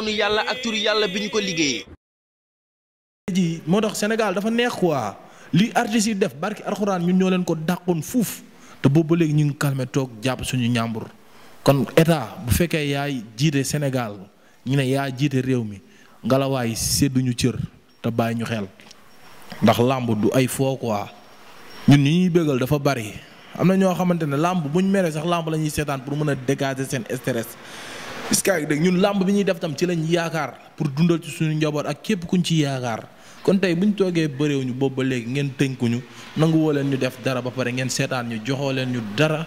kàttanu yàlla ak yàlla bi ñu ko liggéeyee. ji moo tax Sénégal dafa neex quoi li artistes yi def barki alxuraan ñun ñoo leen ko dàqoon fuuf te boobu ba léegi ñu ngi calmé toog jàpp suñu ñàmbur kon état bu fekkee yaay jiite Sénégal ñu ne yaa jiite réew mi ngalawaay sédduñu cër te bàyyi ñu xel ndax làmb du ay foo quoi ñun ñi ñuy bégal dafa bari am na ñoo xamante ne làmb buñ meree sax làmb la ñuy seetaan pour mën a dégager seen stress est-ce que dégg ñun làmb bi ñuy def tam ci lañ yaakaar pour dundal ci suñu njaboot ak képp kuñ ci yaakaar kon tey bu ñu toogee bëreewuñu boobu ba léegi ngeen tënkuñu nanguwoo leen ñu def dara ba pare ngeen seetaan ñu joxoo leen ñu dara.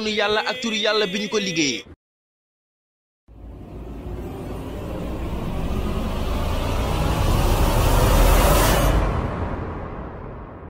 yoonu yàlla ak turu yàlla bi ñu ko liggéeyee